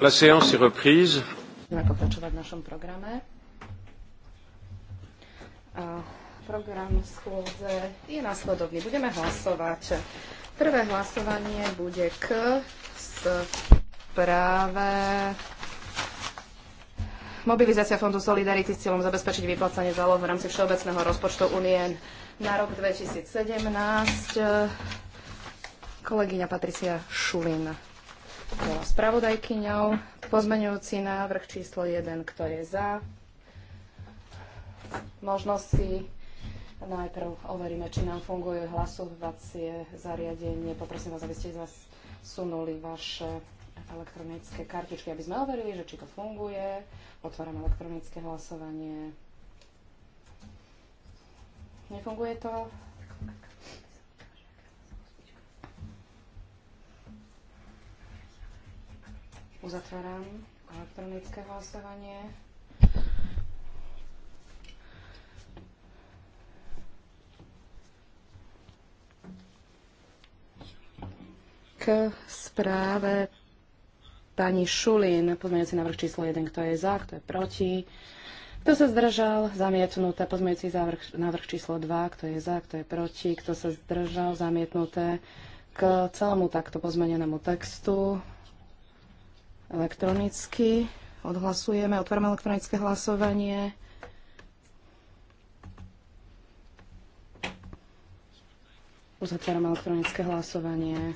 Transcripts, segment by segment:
Budeme pokračovať v našom programe. program schôdze je následovný. Budeme hlasovať. Prvé hlasovanie bude k správe Mobilizácia Fondu Solidarity s cieľom zabezpečiť vyplacanie záloh v rámci Všeobecného rozpočtu únie na rok 2017. Kolegyňa Patricia Šulina bola spravodajkyňou. Pozmeňujúci návrh číslo 1, kto je za. Možno si najprv overíme, či nám funguje hlasovacie zariadenie. Poprosím vás, aby ste zasunuli vaše elektronické kartičky, aby sme overili, že či to funguje. Otváram elektronické hlasovanie. Nefunguje to? Uzatváram elektronické hlasovanie. K správe pani Šulín, pozmeňujúci návrh číslo 1, kto je za, kto je proti. Kto sa zdržal? Zamietnuté. Pozmeňujúci návrh, číslo 2. Kto je za? Kto je proti? Kto sa zdržal? Zamietnuté. K celému takto pozmenenému textu elektronicky. Odhlasujeme, otvárame elektronické hlasovanie. Uzatvárame elektronické hlasovanie.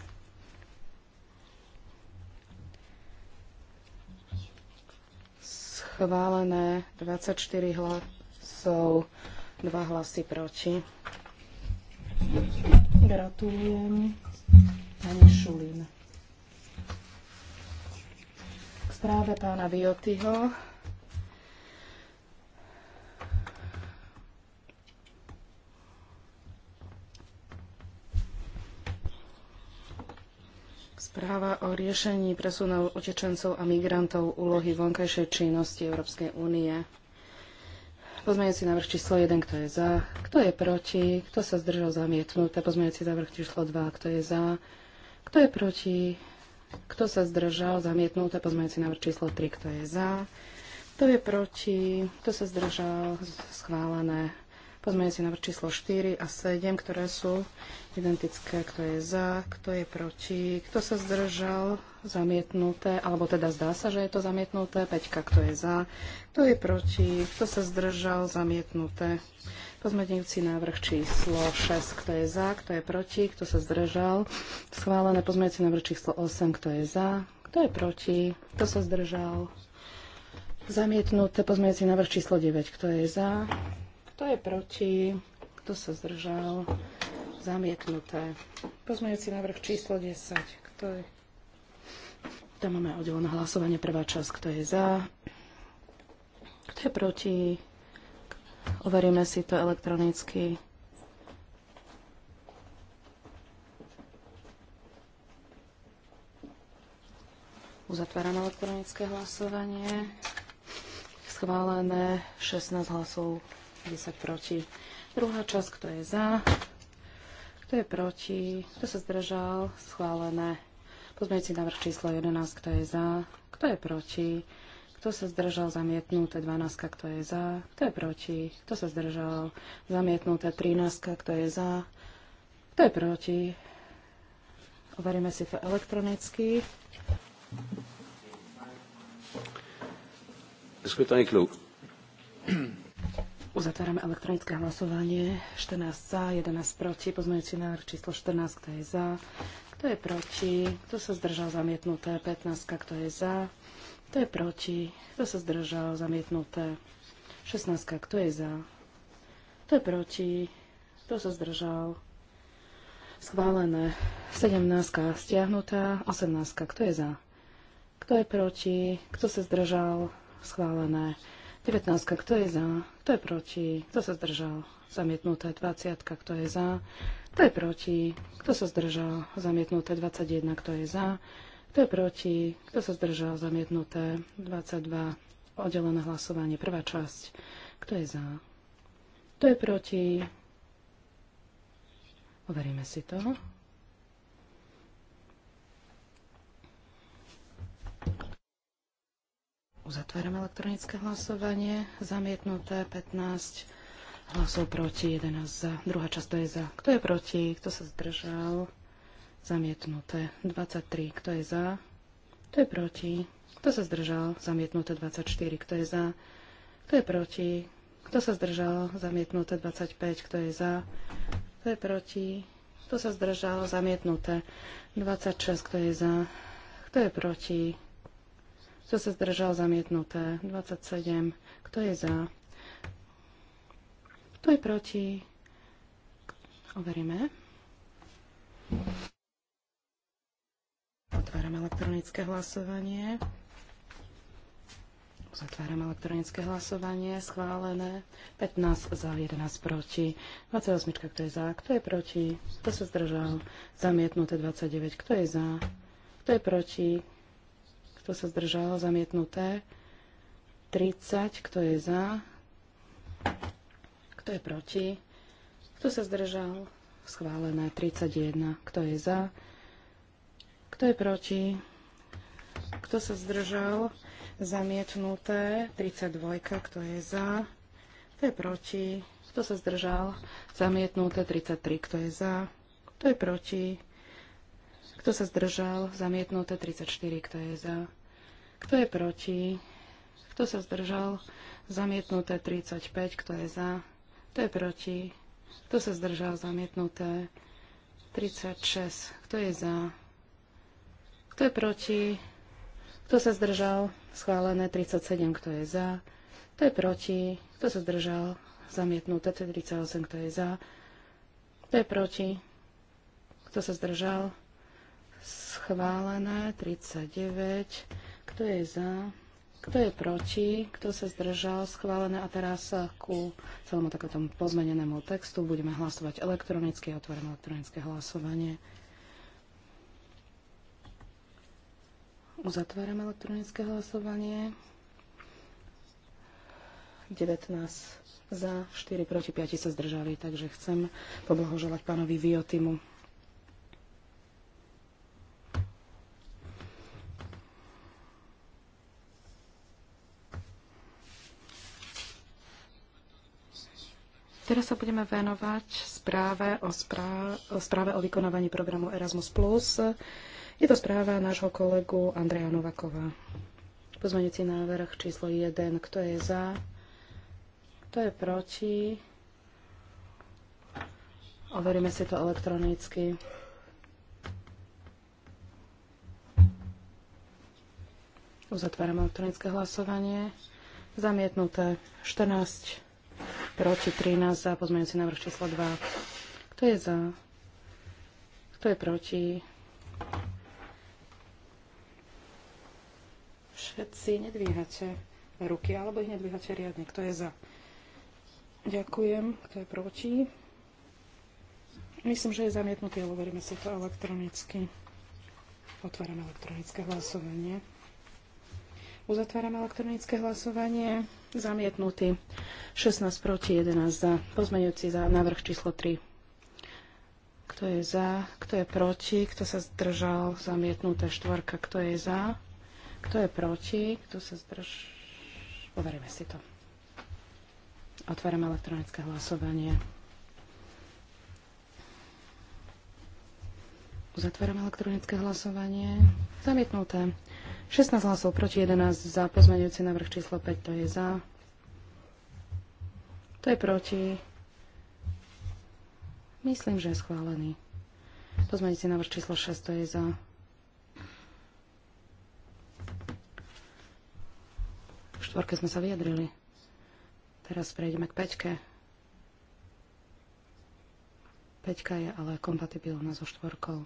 Schválené 24 hlasov, 2 hlasy proti. Gratulujem. Pani Šulín. správe pána Viotyho. Správa o riešení presunov utečencov a migrantov úlohy vonkajšej činnosti Európskej únie. Pozmeňujúci návrh číslo 1, kto je za, kto je proti, kto sa zdržal zamietnuté. Pozmeňujúci návrh číslo 2, kto je za, kto je proti, kto sa zdržal? Zamietnuté. Pozmeňujúci návrh číslo 3. Kto je za? Kto je proti? Kto sa zdržal? Schválené si návrh číslo 4 a 7, ktoré sú identické, kto je za, kto je proti, kto sa zdržal, zamietnuté, alebo teda zdá sa, že je to zamietnuté, peťka kto je za, kto je proti, kto sa zdržal, zamietnuté. Pozmeňujúci návrh číslo 6, kto je za, kto je proti, kto sa zdržal, schválené. Pozmeňujúci návrh číslo 8, kto je za, kto je proti, kto sa zdržal, Zamietnuté pozmeňujúci návrh číslo 9. Kto je za? Kto je proti? Kto sa zdržal? Zamietnuté. Pozmejúci návrh číslo 10. Kto je? Tam máme oddelené hlasovanie. Prvá časť. Kto je za? Kto je proti? Overíme si to elektronicky. Uzatváram elektronické hlasovanie. Schválené 16 hlasov 10 proti. Druhá časť, kto je za, kto je proti, kto sa zdržal, schválené. si návrh číslo 11, kto je za, kto je proti, kto sa zdržal, zamietnuté 12, kto je za, kto je proti, kto sa zdržal, zamietnuté 13, kto je za, kto je proti. Overíme si to elektronicky. Skutanie kľúk. Uzatvárame elektronické hlasovanie. 14 za, 11 proti. Pozmeňujúci návrh číslo 14, kto je za, kto je proti, kto sa zdržal zamietnuté. 15, kto je za, kto je proti, kto sa zdržal zamietnuté. 16, kto je za, kto je proti, kto sa zdržal schválené. 17, stiahnutá. 18, kto je za, kto je proti, kto sa zdržal schválené. 19. Kto je za? Kto je proti? Kto sa zdržal? Zamietnuté 20. Kto je za? Kto je proti? Kto sa zdržal? Zamietnuté 21. Kto je za? Kto je proti? Kto sa zdržal? Zamietnuté 22. Oddelené hlasovanie. Prvá časť. Kto je za? Kto je proti? Overíme si to. Uzatváram elektronické hlasovanie. Zamietnuté 15 hlasov proti, 11 za. Druhá časť to je za. Kto je proti? Kto sa zdržal? Zamietnuté 23. Kto je za? Kto je proti? Kto sa zdržal? Zamietnuté 24. Kto je za? Kto je proti? Kto sa zdržal? Zamietnuté 25. Kto je za? Kto je proti? Kto sa zdržal? Zamietnuté 26. Kto je za? Kto je proti? Kto sa zdržal? Zamietnuté. 27. Kto je za? Kto je proti? Overíme. Otváram elektronické hlasovanie. Zatváram elektronické hlasovanie. Schválené. 15 za, 11 proti. 28, kto je za, kto je proti. Kto sa zdržal? Zamietnuté 29, kto je za, kto je proti kto sa zdržal, zamietnuté. 30, kto je za, kto je proti, kto sa zdržal, schválené. 31, kto je za, kto je proti, kto sa zdržal, zamietnuté. 32, kto je za, kto je proti, kto sa zdržal, zamietnuté. 33, kto je za, kto je proti, kto sa zdržal? Zamietnuté 34. Kto je za? Kto je proti? Kto sa zdržal? Zamietnuté 35. Kto je za? Kto je proti? Kto sa zdržal? Zamietnuté 36. Kto je za? Kto je proti? Kto sa zdržal? Schválené 37. Kto je za? Kto je proti? Kto sa zdržal? Zamietnuté 38. Kto je za? Kto je proti? Kto sa zdržal? schválené 39. Kto je za? Kto je proti? Kto sa zdržal? Schválené. A teraz ku celému takéto pozmenenému textu budeme hlasovať elektronicky. Otvorím elektronické hlasovanie. Uzatváram elektronické hlasovanie. 19 za, 4 proti, 5 sa zdržali, takže chcem poblahoželať pánovi Viotimu. Teraz sa budeme venovať správe o, správe, o správe o vykonávaní programu Erasmus+. Je to správa nášho kolegu Andreja Novakova. Pozmeňujúci návrh číslo 1. Kto je za? Kto je proti? Overíme si to elektronicky. Uzatváram elektronické hlasovanie. Zamietnuté 14 proti 13 za pozmeňujúci návrh číslo 2. Kto je za? Kto je proti? Všetci nedvíhate ruky, alebo ich nedvíhate riadne. Kto je za? Ďakujem. Kto je proti? Myslím, že je zamietnutý, ale veríme si to elektronicky. Otváram elektronické hlasovanie. Uzatváram elektronické hlasovanie. Zamietnutý. 16 proti, 11 za. Pozmeňujúci za návrh číslo 3. Kto je za? Kto je proti? Kto sa zdržal? Zamietnuté štvorka. Kto je za? Kto je proti? Kto sa zdrž... Overíme si to. Otváram elektronické hlasovanie. Uzatváram elektronické hlasovanie. Zamietnuté. 16 hlasov proti 11 za. Pozmeňujúci návrh číslo 5, to je za. To je proti. Myslím, že je schválený. Pozmeňujúci návrh číslo 6, to je za. V štvorke sme sa vyjadrili. Teraz prejdeme k peťke. Peťka je ale kompatibilná so štvorkou.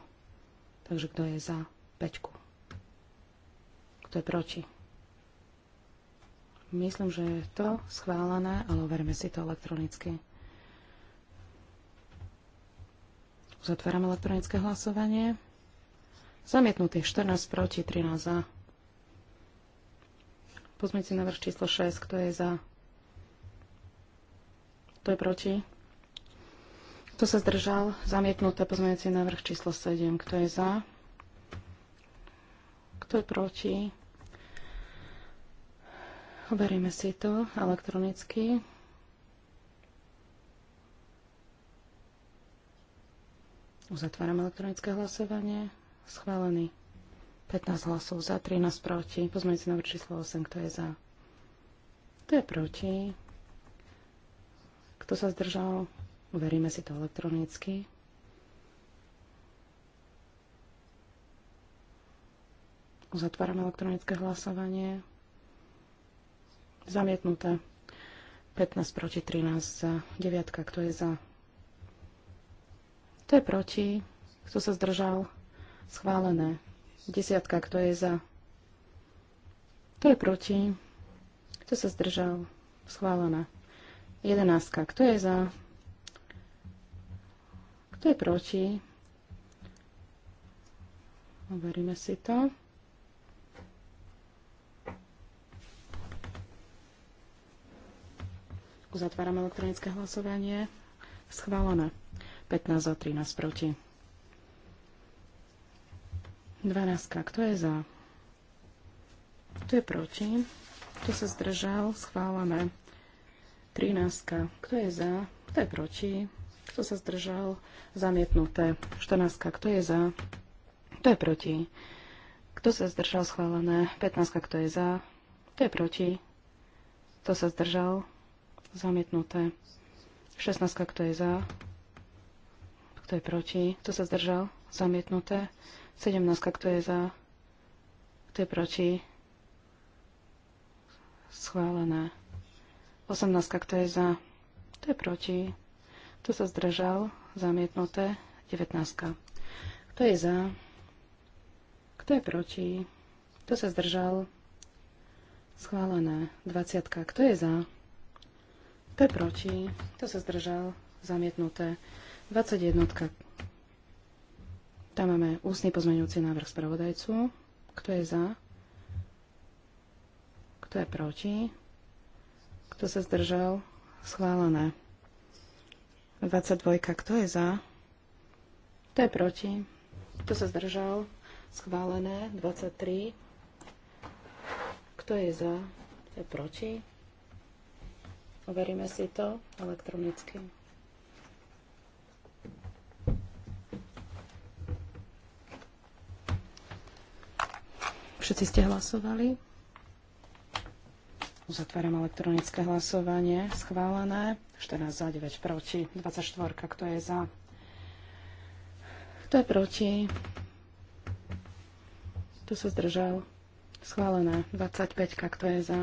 Takže kto je za peťku? Kto je proti? Myslím, že je to schválené, ale overme si to elektronicky. Zatváram elektronické hlasovanie. Zamietnutý 14 proti, 13 za. si návrh číslo 6, kto je za. Kto je proti? Kto sa zdržal? Zamietnuté pozmeňujúci návrh číslo 7. Kto je za? Kto je proti? Overíme si to elektronicky. Uzatváram elektronické hlasovanie. Schválený. 15 hlasov za, 13 proti. Pozmeňte si na číslo 8, kto je za. Kto je proti? Kto sa zdržal? Uveríme si to elektronicky. Uzatváram elektronické hlasovanie. Zamietnuté. 15 proti 13 za. 9. Kto je za? Kto je proti? Kto sa zdržal? Schválené. 10. Kto je za? To je proti? Kto sa zdržal? Schválené. 11. Kto je za? Kto je proti? Overíme si to. Uzatváram elektronické hlasovanie. Schválené. 15 za 13 proti. 12. Kto je za? Kto je proti? Kto sa zdržal? Schválené. 13. Kto je za? Kto je proti? Kto sa zdržal? Zamietnuté. 14. Kto je za? Kto je proti? Kto sa zdržal? Schválené. 15. Kto je za? Kto je proti? Kto sa zdržal? Zamietnuté. 16. Kto je za? Kto je proti? Kto sa zdržal? Zamietnuté. 17. Kto je za? Kto je proti? Schválené. 18. Kto je za? Kto je proti? Kto sa zdržal? Zamietnuté. 19. Kto je za? Kto je proti? Kto sa zdržal? Schválené. 20. Kto je za? P je proti. To sa zdržal. Zamietnuté. 21. Tam máme ústny pozmeňujúci návrh spravodajcu. Kto je za? Kto je proti? Kto sa zdržal? Schválené. 22. Kto je za? Kto je proti? Kto sa zdržal? Schválené. 23. Kto je za? Kto je proti? Overíme si to elektronicky. Všetci ste hlasovali. Uzatváram elektronické hlasovanie. Schválené. 14 za, 9 proti. 24. Kto je za? Kto je proti? Kto sa zdržal? Schválené. 25. Kto je za?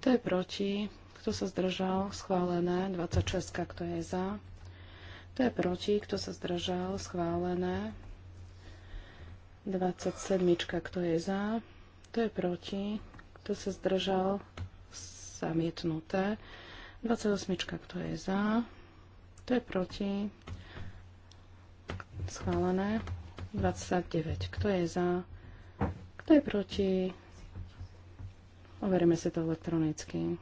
Kto je proti? Kto sa zdržal? Schválené. 26. Kto je za? Kto je proti? Kto sa zdržal? Schválené. 27. Kto je za? Kto je proti? Kto sa zdržal? Zamietnuté. 28. Kto je za? Kto je proti? Schválené. 29. Kto je za? Kto je proti? Overíme si to elektronicky.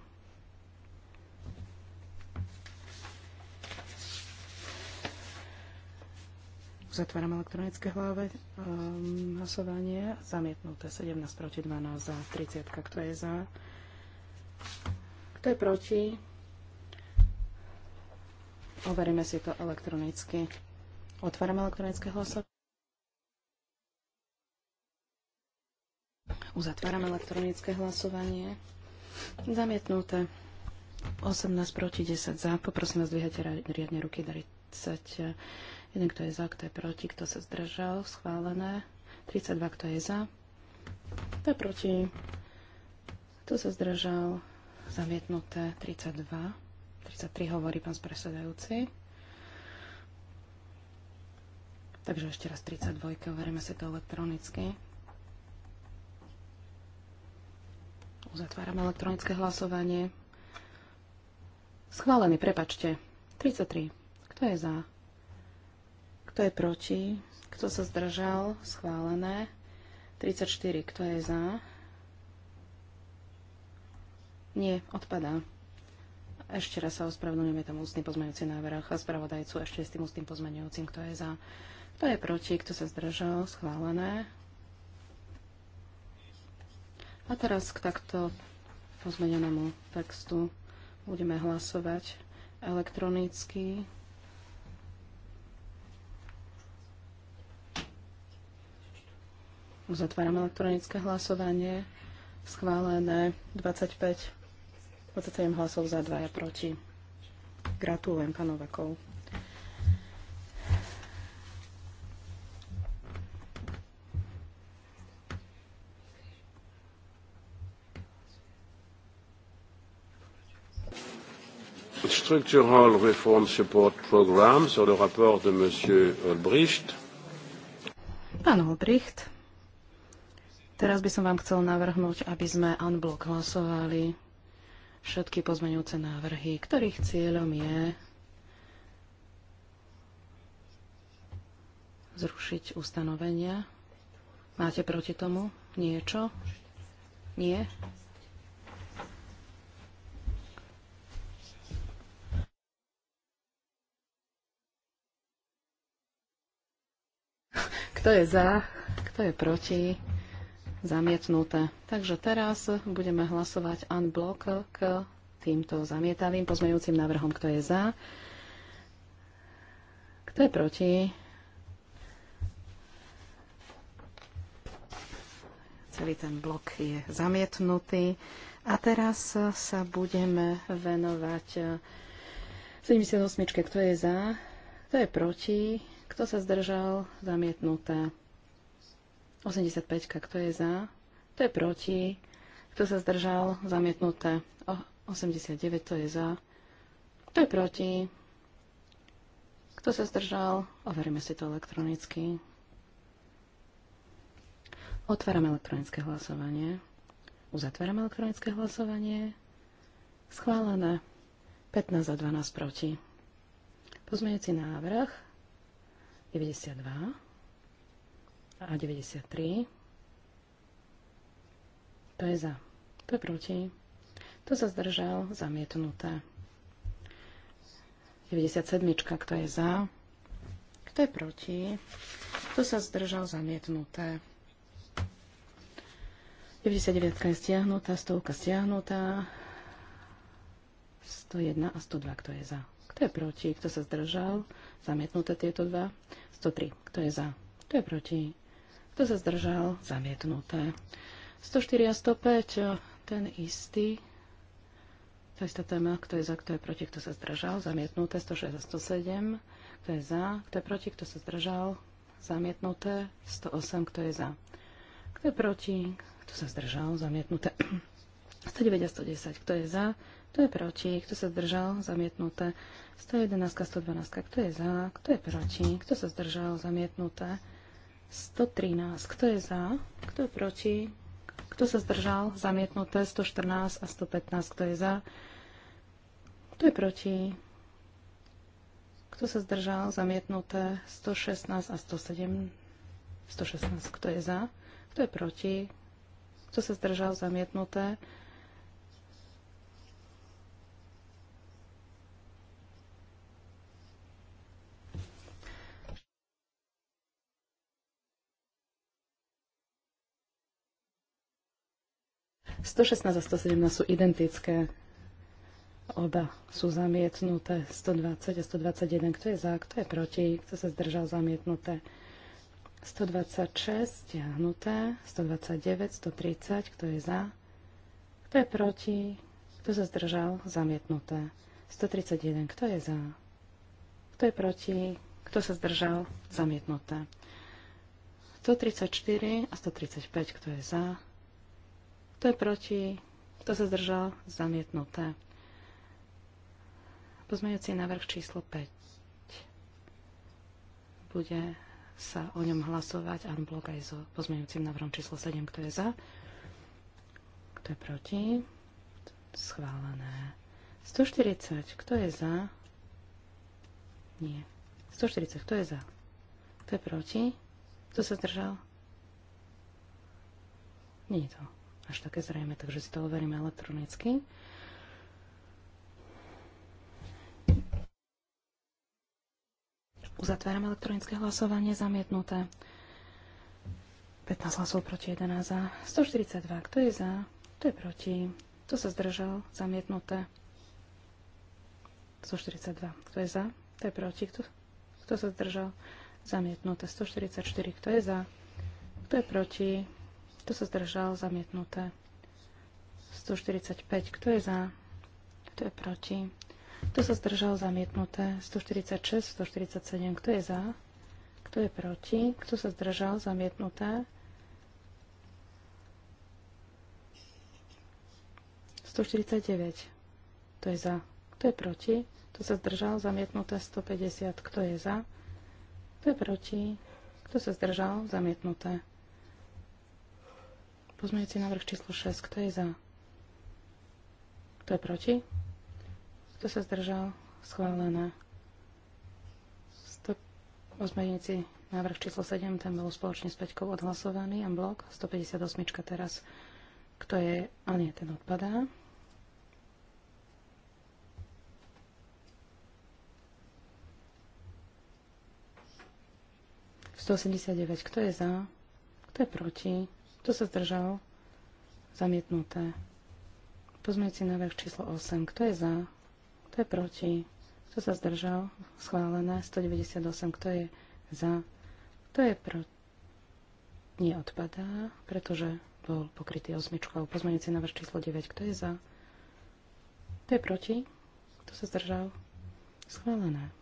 Zatváram elektronické hlave. Um, hlasovanie zamietnuté 17 proti 12 za 30. Kto je za? Kto je proti? Overíme si to elektronicky. Otváram elektronické hlasovanie. Uzatváram elektronické hlasovanie. Zamietnuté. 18 proti 10 za. Poprosím vás, dvíhajte riadne ruky 30. Jeden, kto je za, kto je proti, kto sa zdržal, schválené. 32, kto je za, kto je proti, kto sa zdržal, zamietnuté. 32, 33 hovorí pán predsedajúci. Takže ešte raz 32, overíme si to elektronicky. Uzatváram elektronické hlasovanie. Schválený, prepačte. 33. Kto je za? Kto je proti? Kto sa zdržal? Schválené. 34. Kto je za? Nie, odpadá. Ešte raz sa ospravedlňujeme tam ústny pozmeňujúci návrh a spravodajcu ešte s tým ústnym pozmeňujúcim, kto je za, kto je proti, kto sa zdržal, schválené. A teraz k takto pozmenenému textu budeme hlasovať elektronicky. Uzatváram elektronické hlasovanie. Schválené 25, 27 hlasov za 2 a proti. Gratulujem, pán Novakov. Structural Reform Support Program sur le rapport de M. Olbricht. Pán Olbricht, teraz by som vám chcel navrhnúť, aby sme unblock hlasovali všetky pozmeňujúce návrhy, ktorých cieľom je zrušiť ustanovenia. Máte proti tomu niečo? Nie? Kto je za? Kto je proti? Zamietnuté. Takže teraz budeme hlasovať unblock k týmto zamietavým pozmeňujúcim návrhom. Kto je za? Kto je proti? Celý ten blok je zamietnutý. A teraz sa budeme venovať 78. Kto je za? Kto je proti? Kto sa zdržal? Zamietnuté. 85. Kto je za? Kto je proti? Kto sa zdržal? Zamietnuté. 89. to je za? To je proti? Kto sa zdržal? Overíme si to elektronicky. Otváram elektronické hlasovanie. Uzatváram elektronické hlasovanie. Schválené. 15 za 12 proti. Pozmeňujúci návrh 92 a 93. To je za. To je proti. To sa zdržal. Zamietnuté. 97. Kto je za? Kto je proti? Kto sa zdržal? Zamietnuté. 99 je stiahnutá, 100 stiahnutá, 101 a 102, kto je za. Kto je proti? Kto sa zdržal? Zamietnuté tieto dva. 103. Kto je za? Kto je proti? Kto sa zdržal? Zamietnuté. 104 a 105. Eh, ten istý. To istá téma. Kto je za? Kto je proti? Kto sa zdržal? Zamietnuté. 106 a 107. Kto je za? Kto je proti? Kto sa zdržal? Zamietnuté. 108. Kto je za? Kto je proti? Kto sa zdržal? Zamietnuté. 109 a 110. Kto je za? Kto je proti? Kto sa zdržal? Zamietnuté. 111 a 112. Kto je za? Kto je proti? Kto sa zdržal? Zamietnuté. 113. Kto je za? Kto je proti? Kto sa zdržal? Zamietnuté. 114 a 115. Kto je za? Kto je proti? Kto sa zdržal? Zamietnuté. 116 a 107. 116. Kto je za? Kto je proti? Kto sa zdržal? Zamietnuté. 116 a 117 sú identické. Oba sú zamietnuté. 120 a 121. Kto je za, kto je proti, kto sa zdržal zamietnuté. 126 stiahnuté. 129, 130. Kto je za, kto je proti, kto sa zdržal zamietnuté. 131. Kto je za, kto je proti, kto sa zdržal zamietnuté. 134 a 135. Kto je za, kto je proti? Kto sa zdržal? Zamietnuté. Pozmejúci návrh číslo 5. Bude sa o ňom hlasovať a blok aj so pozmejúcim návrhom číslo 7. Kto je za? Kto je proti? Schválené. 140. Kto je za? Nie. 140. Kto je za? Kto je proti? Kto sa zdržal? Nie je to až také zrejme, takže si to overíme elektronicky. Uzatváram elektronické hlasovanie zamietnuté. 15 hlasov proti 11 za. 142. Kto je za? Kto je proti? Kto sa zdržal? Zamietnuté. 142. Kto je za? Kto je proti? Kto, kto sa zdržal? Zamietnuté. 144. Kto je za? Kto je proti? Kto sa zdržal? Zamietnuté. 145. Kto je za? Kto je proti? Kto sa zdržal? Zamietnuté. 146, 147. Kto je za? Kto je proti? Kto sa zdržal? Zamietnuté. 149. Kto je za? Kto je proti? Kto sa zdržal? Zamietnuté 150. Kto je za? Kto je proti? Kto sa zdržal? Zamietnuté Pozmeňujúci návrh číslo 6. Kto je za? Kto je proti? Kto sa zdržal? Schválené. Pozmeňujúci návrh číslo 7, ten bol spoločne s Peťkou odhlasovaný, en blok, 158 teraz. Kto je? A nie, ten odpadá. Kto je za? Kto je proti? Kto sa zdržal? Zamietnuté. Pozmeňujúci návrh číslo 8. Kto je za? Kto je proti? Kto sa zdržal? Schválené. 198. Kto je za? Kto je proti? Neodpadá, pretože bol pokrytý osmičkou. Pozmeňujúci návrh číslo 9. Kto je za? Kto je proti? Kto sa zdržal? Schválené.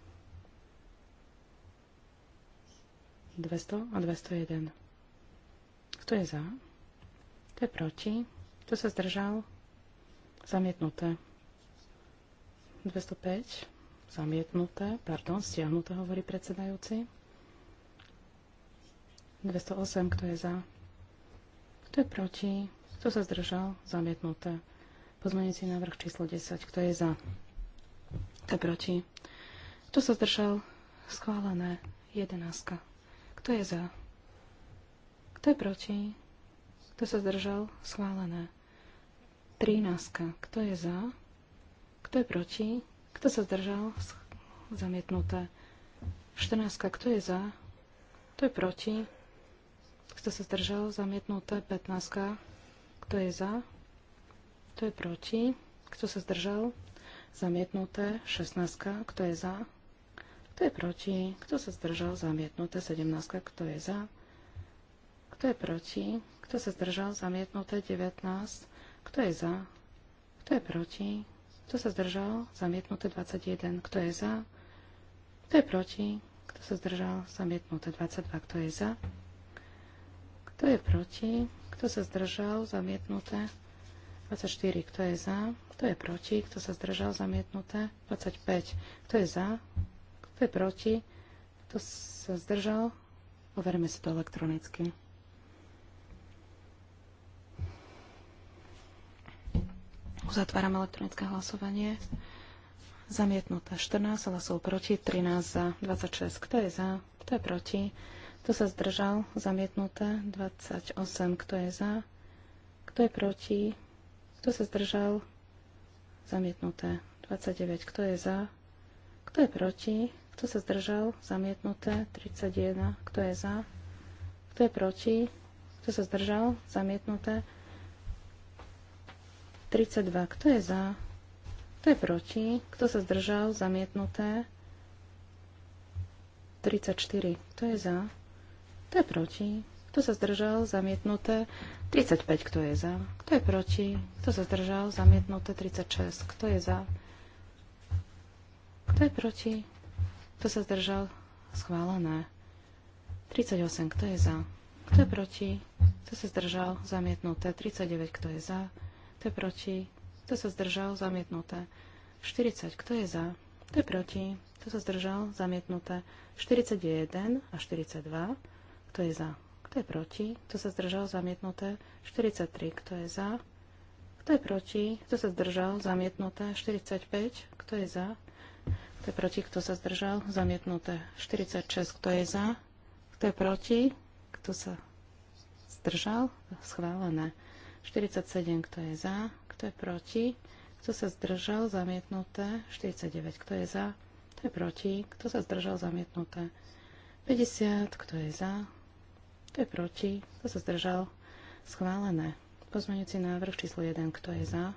200 a 201. Kto je za? Kto je proti? Kto sa zdržal? Zamietnuté. 205. Zamietnuté. Pardon, stiahnuté, hovorí predsedajúci. 208. Kto je za? Kto je proti? Kto sa zdržal? Zamietnuté. Pozmeniaci návrh číslo 10. Kto je za? Kto je proti? Kto sa zdržal? Schválené. 11. Kto je za? Kto je proti? Kto sa zdržal? Schválené. 13. Kto je za? Kto je proti? Kto sa zdržal? Zamietnuté. Štrnáska. Kto je za? Kto je proti? Kto sa zdržal? Zamietnuté. 15. Kto je za? Kto je proti? Kto sa zdržal? Zamietnuté. Šestnáska. Kto je za? Kto je proti? Kto sa zdržal? Zamietnuté. Sedemnáska. Kto je za? Kto je proti? Kto sa zdržal? Zamietnuté 19. Kto je za? Kto je proti? Kto sa zdržal? Zamietnuté 21. Kto je za? Kto je proti? Kto sa zdržal? Zamietnuté 22. Kto je za? Kto je proti? Kto sa zdržal? Zamietnuté 24. Kto je za? Kto je proti? Kto sa zdržal? Zamietnuté. 25. Kto je za? Kto je proti? Kto sa zdržal? Overme si to elektronicky. Uzatváram elektronické hlasovanie. Zamietnuté 14 hlasov proti, 13 za, 26. Kto je za? Kto je proti? Kto sa zdržal? Zamietnuté 28. Kto je za? Kto je proti? Kto sa zdržal? Zamietnuté 29. Kto je za? Kto je proti? Kto sa zdržal? Zamietnuté 31. Kto je za? Kto je proti? Kto sa zdržal? Zamietnuté 32. Kto je za? Kto je proti? Kto sa zdržal? Zamietnuté. 34. Kto je za? Kto je proti? Kto sa zdržal? Zamietnuté. 35. Kto je za? Kto je proti? Kto sa zdržal? Zamietnuté. 36. Kto je za? Kto je proti? Kto sa zdržal? Schválené. 38. Kto je za? Kto je proti? Kto sa zdržal? Zamietnuté. 39. Kto je za? Kto je proti? Kto sa zdržal? Zamietnuté. 40. Kto je za? Kto je proti? Kto sa zdržal? Zamietnuté. 41 a 42. Kto je za? Kto je proti? Kto sa zdržal? Zamietnuté. 43. Kto je za? Kto je proti? Kto sa zdržal? Zamietnuté. 45. Kto je za? Kto je proti? Kto sa zdržal? Zamietnuté. 46. Kto je za? Kto je proti? Kto sa zdržal? Schválené. 47, kto je za, kto je proti, kto sa zdržal, zamietnuté. 49, kto je za, kto je proti, kto sa zdržal, zamietnuté. 50, kto je za, kto je proti, kto sa zdržal, schválené. Pozmeňujúci návrh číslo 1, kto je za,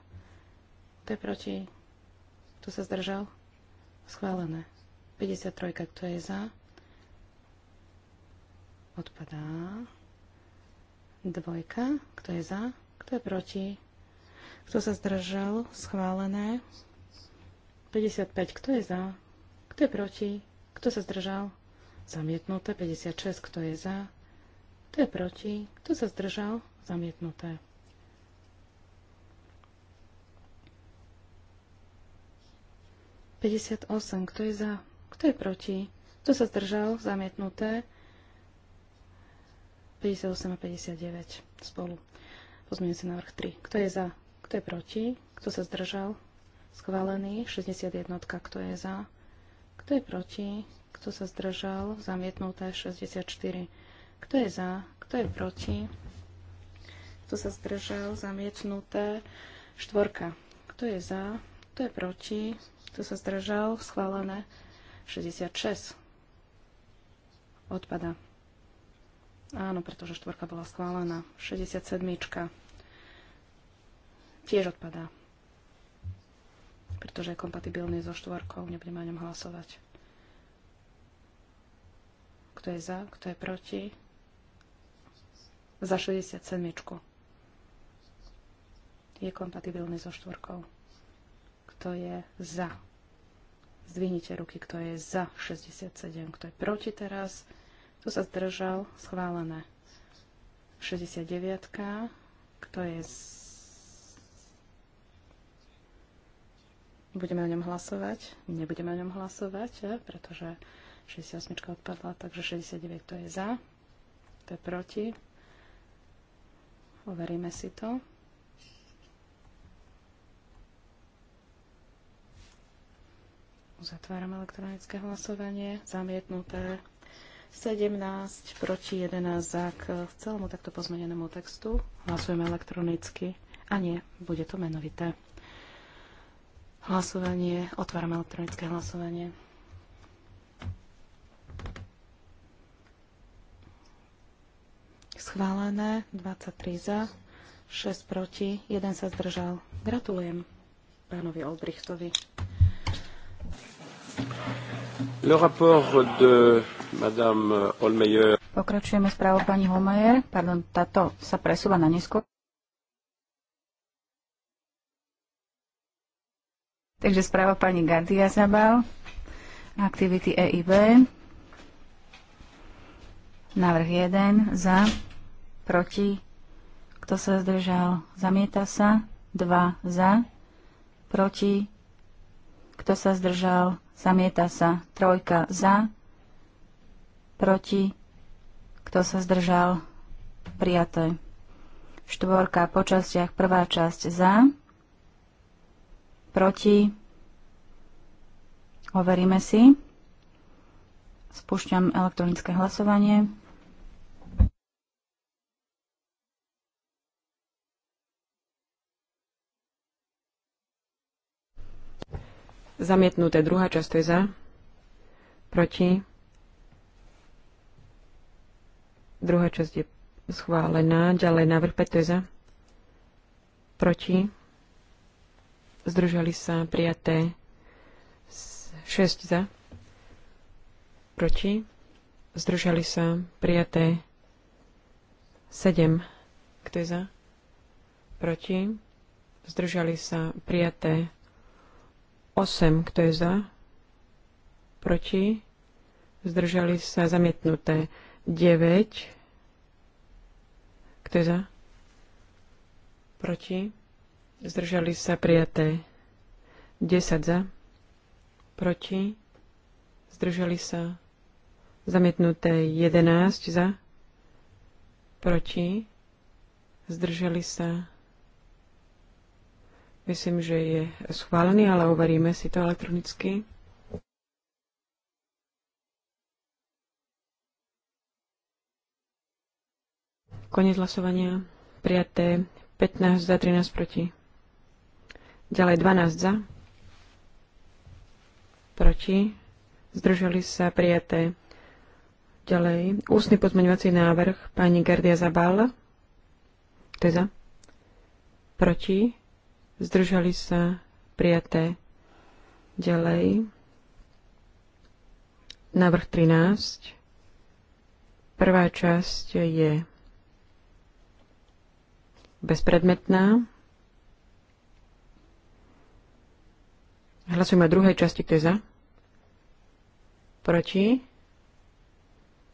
kto je proti, kto sa zdržal, schválené. 53, kto je za, odpadá. Dvojka, kto je za, kto je proti? Kto sa zdržal? Schválené. 55. Kto je za? Kto je proti? Kto sa zdržal? Zamietnuté. 56. Kto je za? Kto je proti? Kto sa zdržal? Zamietnuté. Päťdesiat osem. Kto je za? Kto je proti? Kto sa zdržal? Zamietnuté. 58 a 59 spolu. Pozmeňujúci návrh 3. Kto je za? Kto je proti? Kto sa zdržal? Schválený. 61. Kto je za? Kto je proti? Kto sa zdržal? Zamietnuté. 64. Kto je za? Kto je proti? Kto sa zdržal? Zamietnuté. Štvorka. Kto je za? Kto je proti? Kto sa zdržal? Schválené. 66. Odpada. Áno, pretože štvorka bola schválená. 67. Tiež odpadá. Pretože je kompatibilný so štvorkou, nebudem o ňom hlasovať. Kto je za, kto je proti? Za 67. Je kompatibilný so štvorkou. Kto je za? Zdvihnite ruky, kto je za 67, kto je proti teraz? Tu sa zdržal schválené. 69. -ka. Kto je z... Budeme o ňom hlasovať? Nebudeme o ňom hlasovať, eh? pretože 68 odpadla, takže 69 to je za, to je proti. Overíme si to. Uzatváram elektronické hlasovanie. Zamietnuté 17 proti 11 za k celému takto pozmenenému textu. Hlasujeme elektronicky. A nie, bude to menovité. Hlasovanie, otvárame elektronické hlasovanie. Schválené, 23 za, 6 proti, 1 sa zdržal. Gratulujem pánovi Olbrichtovi. Le rapport de Madame eh, Holmeyer. Pokračujeme správou pani Holmeyer. Pardon, táto sa presúva na neskôr. Takže správa pani Gardia Zabal. Aktivity EIB. Návrh 1. Za. Proti. Kto sa zdržal? Zamieta sa. 2. Za. Proti. Kto sa zdržal? Zamieta sa. 3, Za proti, kto sa zdržal, prijaté. Štvorka po častiach, prvá časť za, proti, overíme si. Spúšťam elektronické hlasovanie. Zamietnuté druhá časť je za. Proti. Druhá časť je schválená. Ďalej návrh 5, to je za. Proti. Zdržali sa prijaté 6 za. Proti. Zdržali sa prijaté 7. Kto je za? Proti. Zdržali sa prijaté 8. Kto je za? Proti. Zdržali sa zamietnuté 9. Kto je za? Proti? Zdržali sa prijaté. 10 za. Proti? Zdržali sa. Zamietnuté 11 za. Proti? Zdržali sa. Myslím, že je schválený, ale overíme si to elektronicky. Konec hlasovania. Prijaté 15 za, 13 proti. Ďalej 12 za. Proti. Zdržali sa prijaté. Ďalej ústny pozmeňovací návrh pani Gardia Zabal. To je za. Proti. Zdržali sa prijaté. Ďalej. Návrh 13. Prvá časť je bezpredmetná. Hlasujeme o druhej časti, kto je za. Proti.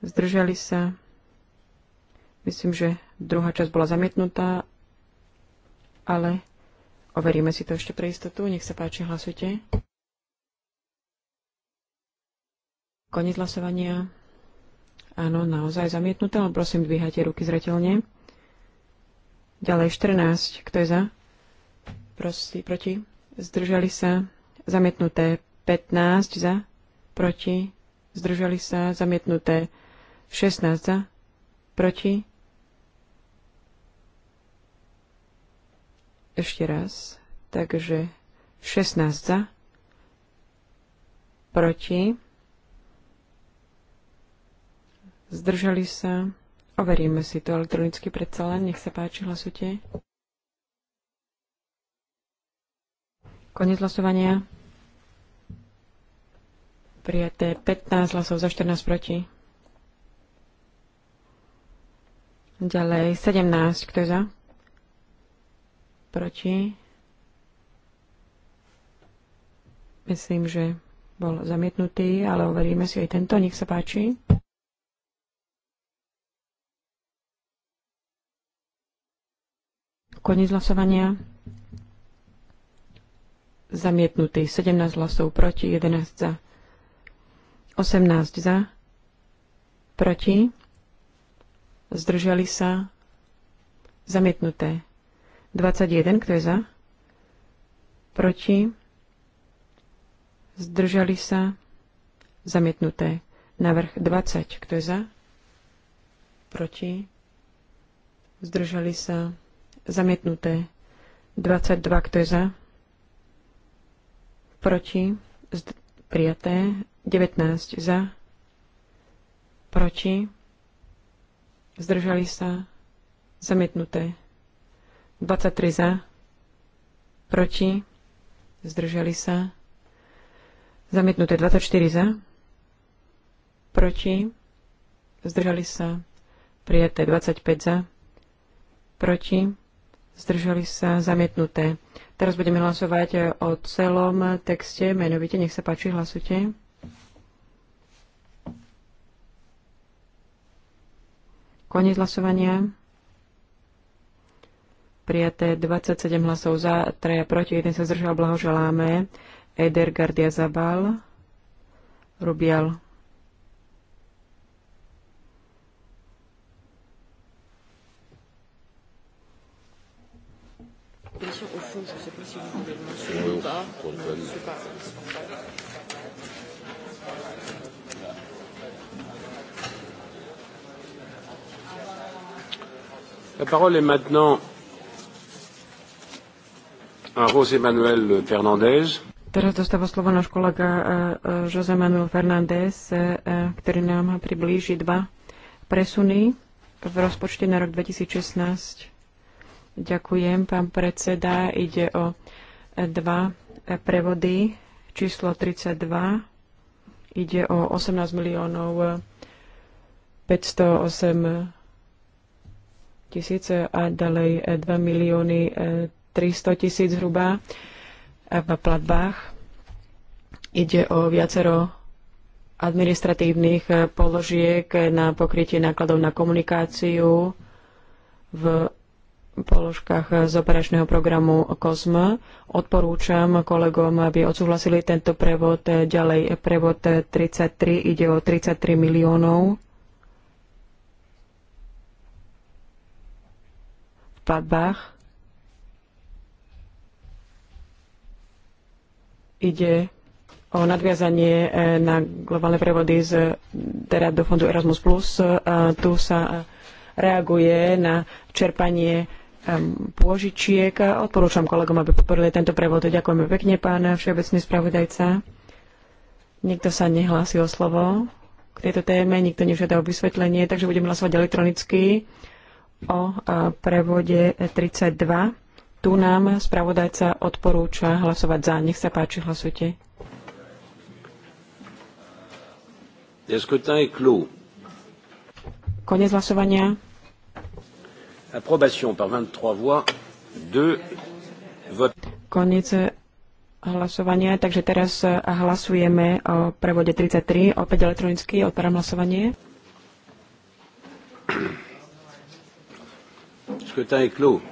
Zdržali sa. Myslím, že druhá časť bola zamietnutá, ale overíme si to ešte pre istotu. Nech sa páči, hlasujte. Koniec hlasovania. Áno, naozaj zamietnuté, ale prosím, dvíhajte ruky zretelne. Ďalej 14. Kto je za? Prosti, proti? Zdržali sa. Zamietnuté 15 za. Proti. Zdržali sa. Zamietnuté 16 za. Proti. Ešte raz. Takže 16 za. Proti. Zdržali sa. Overíme si to elektronicky predsa len. Nech sa páči, hlasujte. Konec hlasovania. Prijaté 15 hlasov za 14 proti. Ďalej 17. Kto je za? Proti. Myslím, že bol zamietnutý, ale overíme si aj tento. Nech sa páči. Koniec hlasovania. Zamietnutý. 17 hlasov proti, 11 za. 18 za. Proti. Zdržali sa. Zamietnuté. 21, kto je za? Proti? Zdržali sa? Zamietnuté. Navrh 20, kto je za? Proti? Zdržali sa? zamietnuté. 22, kto je za? Proti? Prijaté. 19 za? Proti? Zdržali sa? Zamietnuté. 23 za? Proti? Zdržali sa? Zamietnuté 24 za. Proti. Zdržali sa. Prijaté 25 za. Proti zdržali sa zamietnuté. Teraz budeme hlasovať o celom texte. Menovite, nech sa páči, hlasujte. Koniec hlasovania. Prijaté 27 hlasov za, 3 proti, 1 sa zdržal, blahoželáme. Eder Gardia Zabal, Rubial. Commission au fond, je ne sais pas si vous voulez le mentionner ou pas. je ne sais pas. La parole est maintenant à José Manuel Fernandez. Teraz dostáva slovo náš kolega eh, eh, José Manuel Fernández, eh, ktorý nám priblíži dva presuny v rozpočte na rok 2016. Ďakujem, pán predseda. Ide o dva prevody. Číslo 32 ide o 18 miliónov 508 tisíc a ďalej 2 milióny 300 tisíc hruba v platbách. Ide o viacero administratívnych položiek na pokrytie nákladov na komunikáciu v položkách z operačného programu COSM. Odporúčam kolegom, aby odsúhlasili tento prevod. Ďalej prevod 33 ide o 33 miliónov. V platbách ide o nadviazanie e, na globálne prevody z, teda do fondu Erasmus+. E, tu sa reaguje na čerpanie pôžičiek. Odporúčam kolegom, aby podporili tento prevod. Ďakujeme pekne, pán všeobecný spravodajca. Nikto sa nehlási o slovo k tejto téme, nikto nežiada o vysvetlenie, takže budeme hlasovať elektronicky o prevode 32. E tu nám spravodajca odporúča hlasovať za. Nech sa páči, hlasujte. Konec hlasovania. Approbation par 23 voix, 2 votes. Koniec eh, hlasovania, takže teraz eh, hlasujeme o prevode 33, opäť elektronicky, otváram hlasovanie. Skrutin je klo.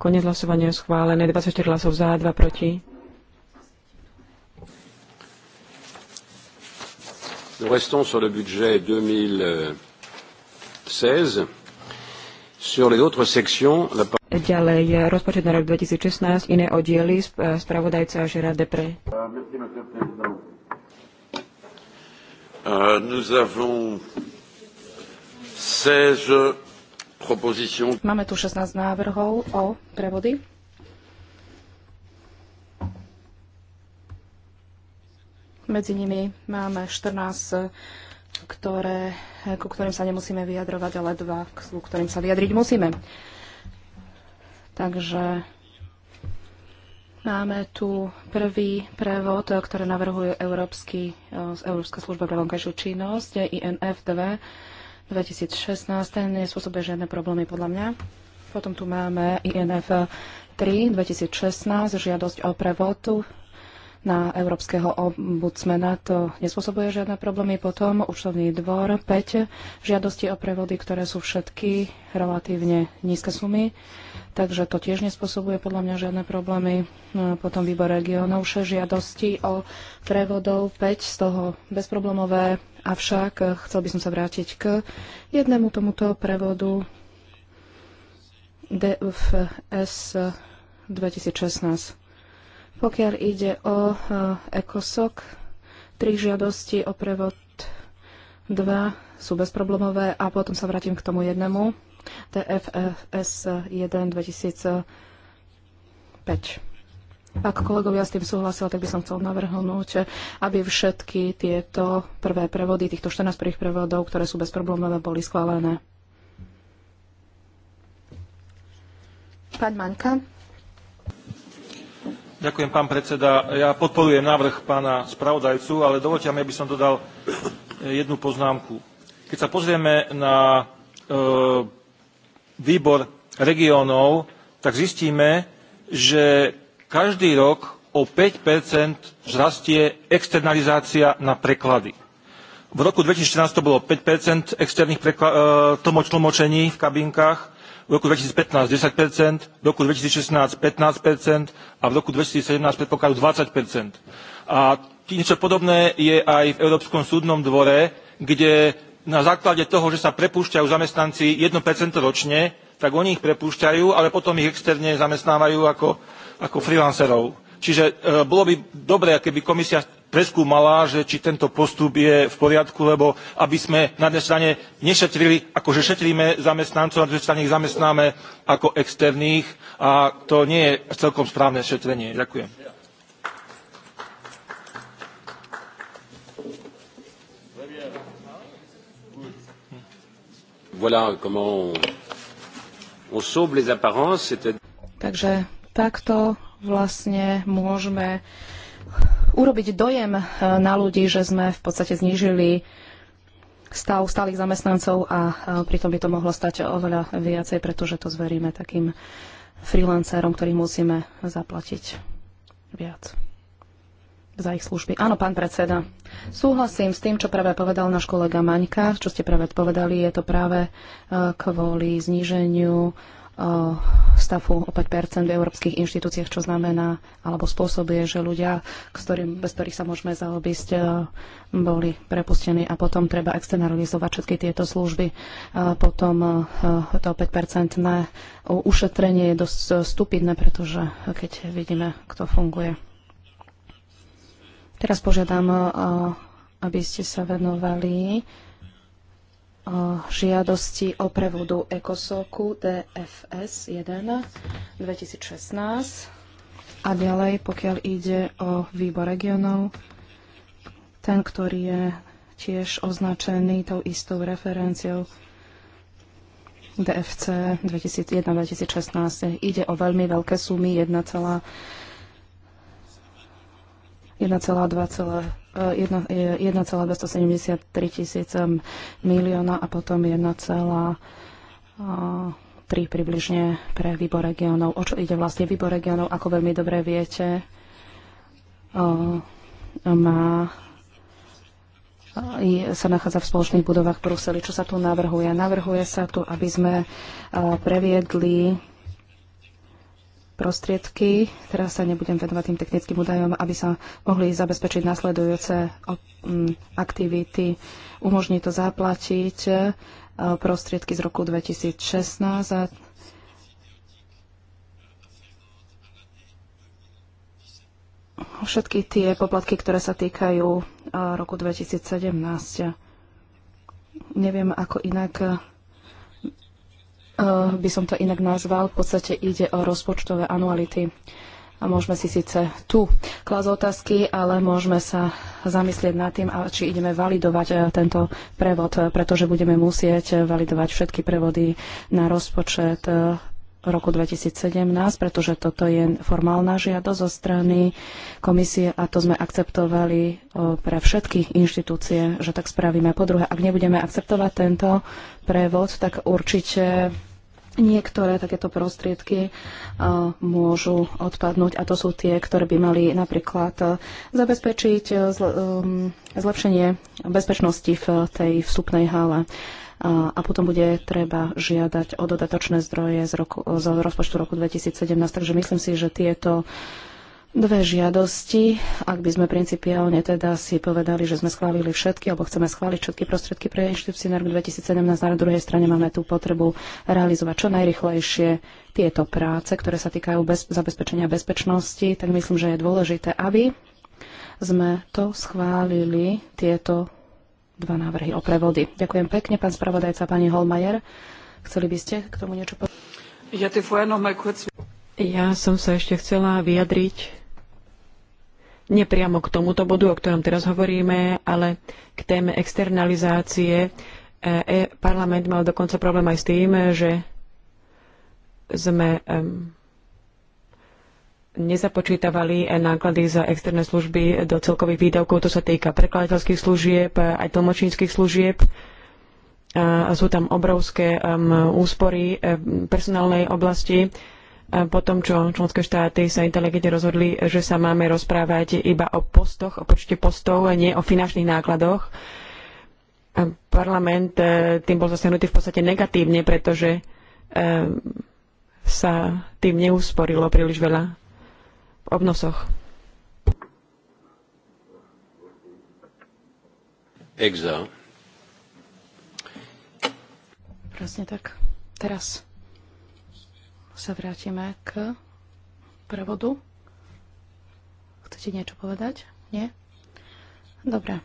Koniec hlasovania je schválené, 24 hlasov za, 2 proti. Nous restons sur le budget 2016. Ďalej, rozpočet na rok 2016, iné oddiely, eh, spravodajca Žera Depre. Eh, máme tu 16 návrhov o prevody. Medzi nimi máme 14 návrhov ktoré, ku ktorým sa nemusíme vyjadrovať, ale dva, ku ktorým sa vyjadriť musíme. Takže máme tu prvý prevod, ktorý navrhuje Európsky, eh, Európska služba pre vonkajšiu činnosť, INF 2 2016. Ten nespôsobuje žiadne problémy podľa mňa. Potom tu máme INF 3 2016, žiadosť o prevodu na európskeho ombudsmena. To nespôsobuje žiadne problémy. Potom účtovný dvor 5 žiadosti o prevody, ktoré sú všetky relatívne nízke sumy. Takže to tiež nespôsobuje podľa mňa žiadne problémy. No potom výbor regionov 6 žiadosti o prevodov 5 z toho bezproblémové. Avšak eh, chcel by som sa vrátiť k jednému tomuto prevodu DFS 2016. Pokiaľ ide o e, ECOSOC, tri žiadosti o prevod, dva sú bezproblémové a potom sa vrátim k tomu jednému. TFS 1 2005. Ak kolegovia s tým súhlasia, tak by som chcel navrhnúť, aby všetky tieto prvé prevody, týchto 14 prvých prevodov, ktoré sú bezproblémové, boli schválené. Pán Manka. Ďakujem, pán predseda. Ja podporujem návrh pána spravodajcu, ale dovolte mi, aby som dodal eh, jednu poznámku. Keď sa pozrieme na e, výbor regiónov, tak zistíme, že každý rok o 5 vzrastie externalizácia na preklady. V roku 2014 to bolo 5 externých eh, tlmočení v kabinkách, v roku 2015 10 v roku 2016 15 a v roku 2017 predpokladajú 20 A niečo podobné je aj v Európskom súdnom dvore, kde na základe toho, že sa prepúšťajú zamestnanci 1 ročne, tak oni ich prepúšťajú, ale potom ich externe zamestnávajú ako, ako freelancerov. Čiže e, bolo by dobré, keby komisia preskúmala, že či tento postup je v poriadku, lebo aby sme na jednej strane nešetrili, akože šetríme zamestnancov, na druhej strane ich zamestnáme ako externých a to nie je celkom správne šetrenie. Ďakujem. Takže takto vlastne môžeme urobiť dojem eh, na ľudí, že sme v podstate znížili stav stálych zamestnancov a eh, pritom by to mohlo stať oveľa viacej, pretože to zveríme takým freelancerom, ktorým musíme zaplatiť viac za ich služby. Áno, pán predseda, súhlasím s tým, čo práve povedal náš kolega Maňka, čo ste práve povedali, je to práve eh, kvôli zníženiu Eh, stavu o 5 v európskych inštitúciách, čo znamená alebo spôsobuje, že ľudia, ktorým, bez ktorých sa môžeme zaobísť, eh, boli prepustení a potom treba externalizovať všetky tieto služby. Eh, potom to 5-percentné ušetrenie je dosť stupidné, pretože keď vidíme, kto funguje. Teraz požiadam, aby ste sa venovali žiadosti o prevodu ECOSOKu DFS 1 2016 a ďalej, pokiaľ ide o výbor regionov, ten, ktorý je tiež označený tou istou referenciou DFC 2001-2016. Ide o veľmi veľké sumy 1,273 eh, eh, tisíc milióna a potom 1,3 eh, približne pre výbor regionov. O čo ide vlastne výbor regionov, ako veľmi dobre viete, má sa nachádza v spoločných budovách v Bruseli. Čo sa tu navrhuje? Navrhuje sa tu, aby sme previedli prostriedky. Teraz sa nebudem venovať tým technickým údajom, aby sa mohli zabezpečiť nasledujúce mm, aktivity. Umožní to zaplatiť e, prostriedky z roku 2016 všetky tie poplatky, ktoré sa týkajú e, roku 2017. Neviem, ako inak Eh, by som to inak nazval, v podstate ide o rozpočtové anuality. A môžeme si síce tu klásť otázky, ale môžeme sa zamyslieť nad tým, či ideme validovať eh, tento prevod, eh, pretože budeme musieť validovať všetky prevody na rozpočet roku 2017, pretože toto je formálna žiadosť zo strany komisie a to sme akceptovali pre všetky inštitúcie, že tak spravíme. Po druhé, ak nebudeme akceptovať tento prevod, tak určite Niektoré takéto prostriedky e, môžu odpadnúť a to sú tie, ktoré by mali napríklad e, zabezpečiť e, zlepšenie bezpečnosti v tej vstupnej hale a potom bude treba žiadať o dodatočné zdroje z, roku, z rozpočtu roku 2017. Takže myslím si, že tieto dve žiadosti. Ak by sme principiálne teda si povedali, že sme schválili všetky, alebo chceme schváliť všetky prostriedky pre inštitúcie na rok 2017, na druhej strane máme tú potrebu realizovať čo najrychlejšie tieto práce, ktoré sa týkajú bez, zabezpečenia bezpečnosti, tak myslím, že je dôležité, aby sme to schválili, tieto dva návrhy o prevody. Ďakujem pekne, pán spravodajca, pani Holmajer. Chceli by ste k tomu niečo povedať? Ja som sa ešte chcela vyjadriť nepriamo k tomuto bodu, o ktorom teraz hovoríme, ale k téme externalizácie. E, parlament mal dokonca problém aj s tým, že sme um, nezapočítavali náklady za externé služby do celkových výdavkov. To sa týka prekladateľských služieb, aj tlmočníckých služieb. A sú tam obrovské um, úspory v personálnej oblasti po tom, čo členské štáty sa inteligentne rozhodli, že sa máme rozprávať iba o postoch, o počte postov, nie o finančných nákladoch. Parlament e, tým bol zasiahnutý v podstate negatívne, pretože e, sa tým neusporilo príliš veľa v obnosoch. Presne tak. Teraz sa vrátime k prevodu. Chcete niečo povedať? Nie? Dobre.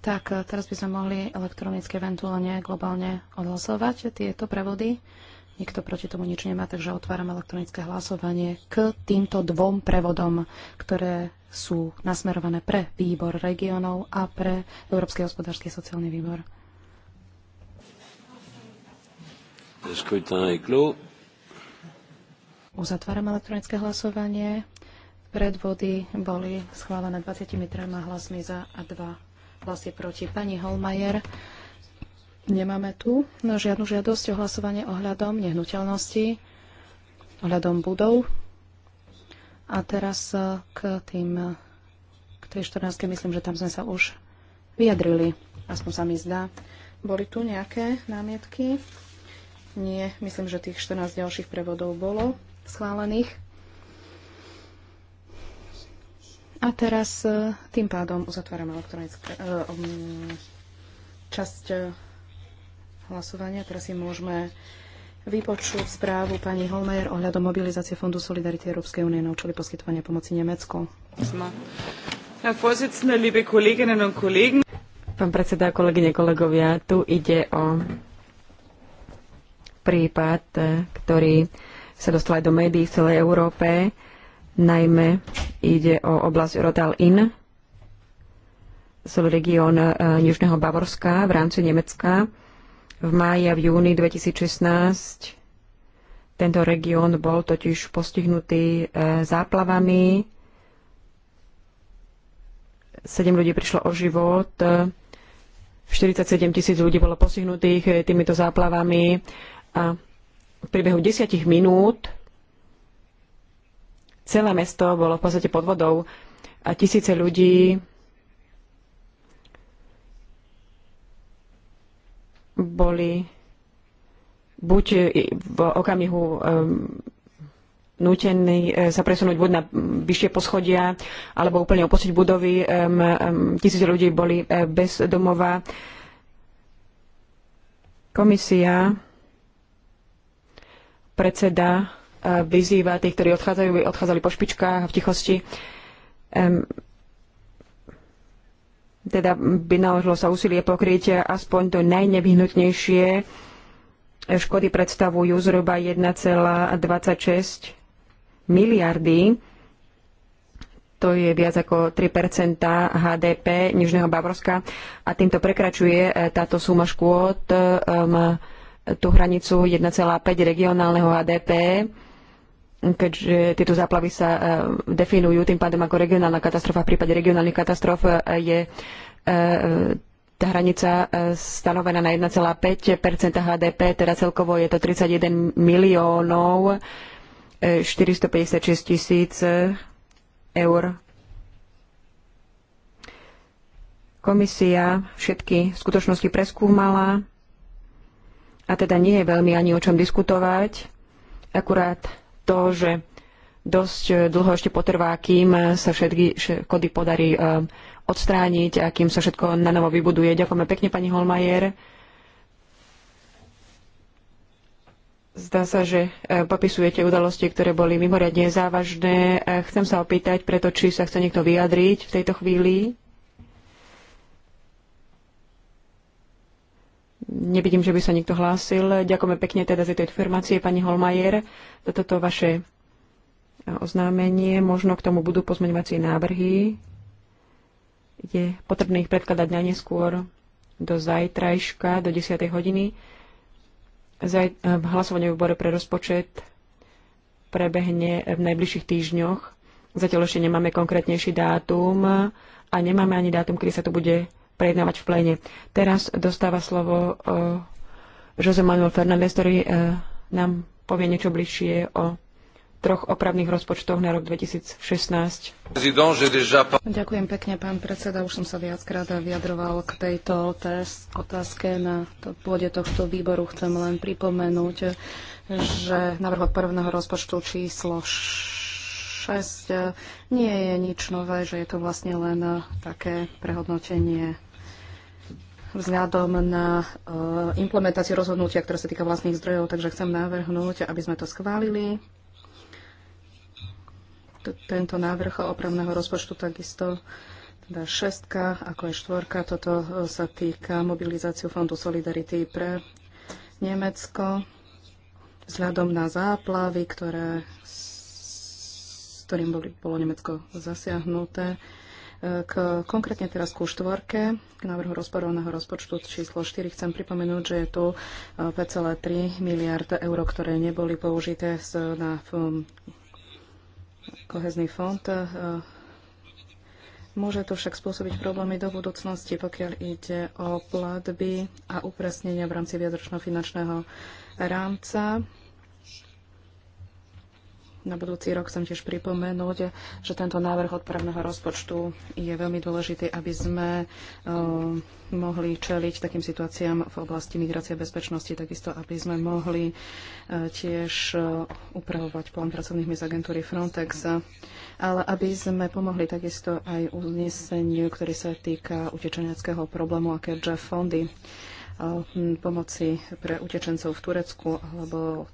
Tak, e, teraz by sme mohli elektronicky eventuálne globálne odhlasovať tieto prevody. Nikto proti tomu nič nemá, takže otváram elektronické hlasovanie k týmto dvom prevodom, ktoré sú nasmerované pre výbor regionov a pre Európsky hospodársky sociálny výbor. Le scrutin est clos. Uzatváram elektronické hlasovanie. Predvody boli schválené 23 hlasmi za a 2 hlasy proti. Pani Holmajer, nemáme tu žiadnu žiadosť o hlasovanie ohľadom nehnuteľnosti, ohľadom budov. A teraz eh, k tým, k tej 14. myslím, že tam sme sa už vyjadrili. Aspoň sa mi zdá. Boli tu nejaké námietky? Nie, myslím, že tých 14 ďalších prevodov bolo schválených. A teraz e, tým pádom uzatváram elektronické e, um, časť e, hlasovania. Teraz si môžeme vypočuť správu pani Holmeier ohľadom mobilizácie Fondu Solidarity Európskej únie na účely poskytovania pomoci Nemecku. Pán predseda, kolegyne, kolegovia, tu ide o prípad, e, ktorý sa dostal aj do médií v celej Európe. Najmä ide o oblasť Rodal Inn, z región e, Južného Bavorska v rámci Nemecka. V máji a v júni 2016 tento región bol totiž postihnutý e, záplavami. Sedem ľudí prišlo o život. 47 tisíc ľudí bolo postihnutých týmito záplavami a v priebehu desiatich minút celé mesto bolo v podstate pod vodou a tisíce ľudí boli buď v okamihu um, sa presunúť buď na vyššie poschodia, alebo úplne opustiť budovy. Um, um, tisíce ľudí boli eh, bez domova. Komisia Predseda eh, vyzýva tých, ktorí odchádzajú, by odchádzali po špičkách v tichosti. Teda by naložilo sa úsilie pokryť aspoň to najnevyhnutnejšie. Škody predstavujú zhruba 1,26 miliardy to je viac ako 3 HDP Nižného Bavorska a týmto prekračuje eh, táto suma škôd um, tú hranicu 1,5 regionálneho HDP, keďže tieto záplavy sa e, definujú tým pádom ako regionálna katastrofa. V prípade regionálnych katastrof e, je e, tá hranica stanovená na 1,5 HDP, teda celkovo je to 31 miliónov 456 tisíc eur. Komisia všetky skutočnosti preskúmala a teda nie je veľmi ani o čom diskutovať. Akurát to, že dosť eh, dlho ešte potrvá, kým eh, sa všetky kody podarí eh, odstrániť a kým sa všetko na novo vybuduje. Ďakujeme pekne, pani Holmajer. Zdá sa, že popisujete udalosti, ktoré boli mimoriadne závažné. Chcem sa opýtať preto, či sa chce niekto vyjadriť v tejto chvíli. Nevidím, že by sa niekto hlásil. Ďakujeme pekne teda za tieto informácie, pani Holmajer, za toto vaše e, oznámenie. Možno k tomu budú pozmeňovacie návrhy. Je potrebné ich predkladať na neskôr do zajtrajška, do 10. hodiny. Zaj, e, hlasovanie v výbore pre rozpočet prebehne v najbližších týždňoch. Zatiaľ ešte nemáme konkrétnejší dátum a nemáme ani dátum, kedy sa to bude prejednávať v pléne. Teraz dostáva slovo eh, Jose Manuel Fernández, ktorý eh, nám povie niečo bližšie o troch opravných rozpočtoch na rok 2016. Ďakujem pekne, pán predseda. Už som sa viackrát vyjadroval k tejto otázke na to pôde tohto výboru. Chcem len pripomenúť, že návrh prvného rozpočtu číslo 6 eh, nie je nič nové, že je to vlastne len eh, také prehodnotenie vzhľadom na eh, implementáciu rozhodnutia, ktoré sa týka vlastných zdrojov, takže chcem navrhnúť, aby sme to schválili. Tento návrh opravného rozpočtu takisto teda šestka, ako aj štvorka, toto sa týka mobilizáciu Fondu Solidarity pre Nemecko vzhľadom na záplavy, ktoré ktorým boli, bolo Nemecko zasiahnuté. E, k, konkrétne teraz ku štvorke, k návrhu rozporovného rozpočtu číslo 4 chcem pripomenúť, že je tu 5,3 e, miliard eur, ktoré neboli použité na kohezný fond. E, môže to však spôsobiť problémy do budúcnosti, pokiaľ ide o platby a upresnenia v rámci viadročno finančného rámca na budúci rok chcem tiež pripomenúť, že tento návrh odpravného rozpočtu je veľmi dôležitý, aby sme uh, mohli čeliť takým situáciám v oblasti migrácie a bezpečnosti, takisto aby sme mohli uh, tiež uh, upravovať plán pracovných miest agentúry Frontex, ale aby sme pomohli takisto aj uzneseniu, ktorý sa týka utečeneckého problému a keďže fondy pomoci pre utečencov v Turecku alebo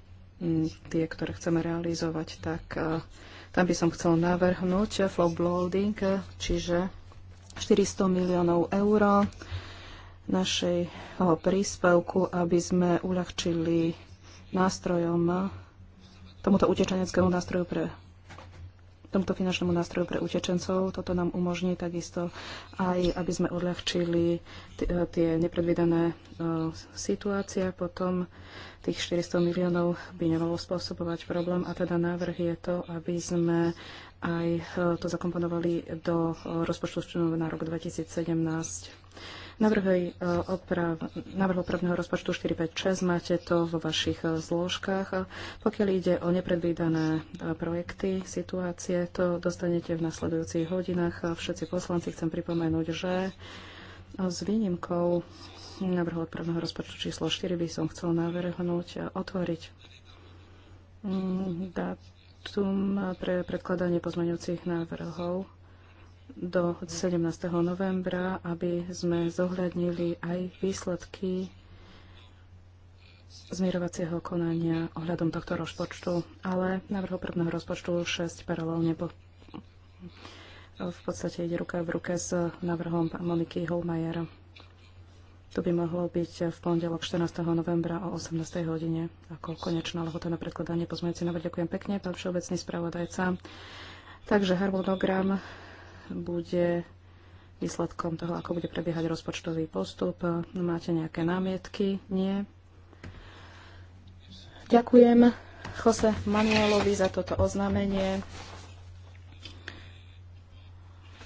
tie, ktoré chceme realizovať, tak e, tam by som chcel navrhnúť flow loading, e, čiže 400 miliónov eur našeho príspevku, aby sme uľahčili nástrojom e, tomuto utečeneckému nástroju pre tomto finančnému nástroju pre utečencov. Toto nám umožní takisto aj, aby sme odľahčili e, tie nepredvídané uh, situácie. Potom tých 400 miliónov by nemalo spôsobovať problém a teda návrh je to, aby sme aj e, to zakomponovali do rozpočtu na rok 2017. Navrhej e, oprav, navrh opravného rozpočtu 456, máte to vo vašich e, zložkách. Pokiaľ ide o nepredvídané e, projekty, situácie, to dostanete v nasledujúcich hodinách. Všetci poslanci chcem pripomenúť, že s výnimkou návrhu odpravného rozpočtu číslo 4 by som chcel navrhnúť otvoriť mm, dátum pre predkladanie pozmeňujúcich návrhov do 17. novembra, aby sme zohľadnili aj výsledky zmierovacieho konania ohľadom tohto rozpočtu, ale návrh opravného rozpočtu 6 paralelne po, v podstate ide ruka v ruke s návrhom Moniky Holmajera. To by mohlo byť v pondelok 14. novembra o 18. hodine ako konečná lehota na predkladanie pozmeňujúci návrh. Ďakujem pekne, pán všeobecný spravodajca. Takže harmonogram bude výsledkom toho, ako bude prebiehať rozpočtový postup. Máte nejaké námietky? Nie? Ďakujem Jose Manuelovi za toto oznámenie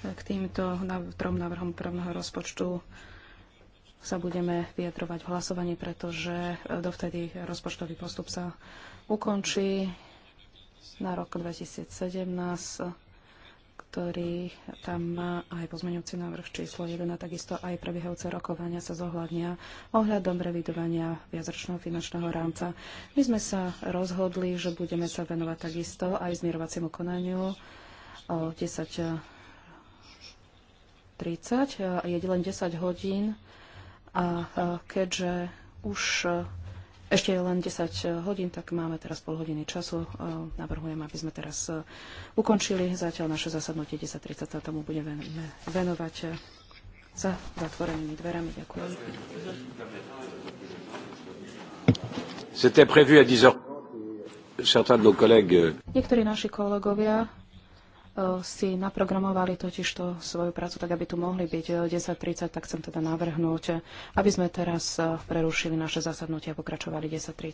k týmto trom návrhom prvného rozpočtu sa budeme vyjadrovať v hlasovaní, pretože e, dovtedy rozpočtový postup sa ukončí na rok 2017 ktorý tam má aj pozmeňujúci návrh číslo 1 a takisto aj prebiehajúce rokovania sa zohľadnia ohľadom revidovania viacročného finančného rámca. My sme sa rozhodli, že budeme sa venovať takisto aj zmierovaciemu konaniu o 10.30. Je len 10 hodín a keďže už ešte je len 10 eh, hodín, tak máme teraz pol hodiny času. Eh, navrhujem, aby sme teraz eh, ukončili zatiaľ naše zasadnutie 10.30 sa tomu budeme venovať za zatvorenými dverami. Ďakujem. C'était prévu à 10 euh, Niektorí naši kolegovia si naprogramovali totižto svoju prácu tak, aby tu mohli byť 10.30, eh, tak chcem teda navrhnúť, eh, aby sme teraz eh, prerušili naše zasadnutie a pokračovali 10.30.